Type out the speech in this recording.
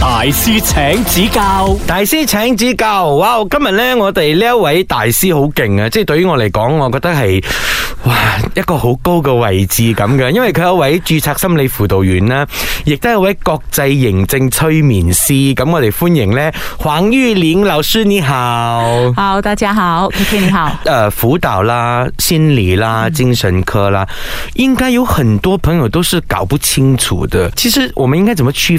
大師請指教，大師請指教。哇、哦，今日呢我哋呢一位大師好勁啊，即係對於我嚟講，我覺得係哇一個好高嘅位置咁嘅，因為佢係一位注冊心理輔導員啦，亦都係一位國際認證催眠師。咁我哋歡迎呢黃玉玲老師，你好，好，大家好，K K 你好。誒、呃，輔導啦，心理啦，精神科啦，嗯、應該有很多朋友都是搞不清楚的。其實我們應該怎麼區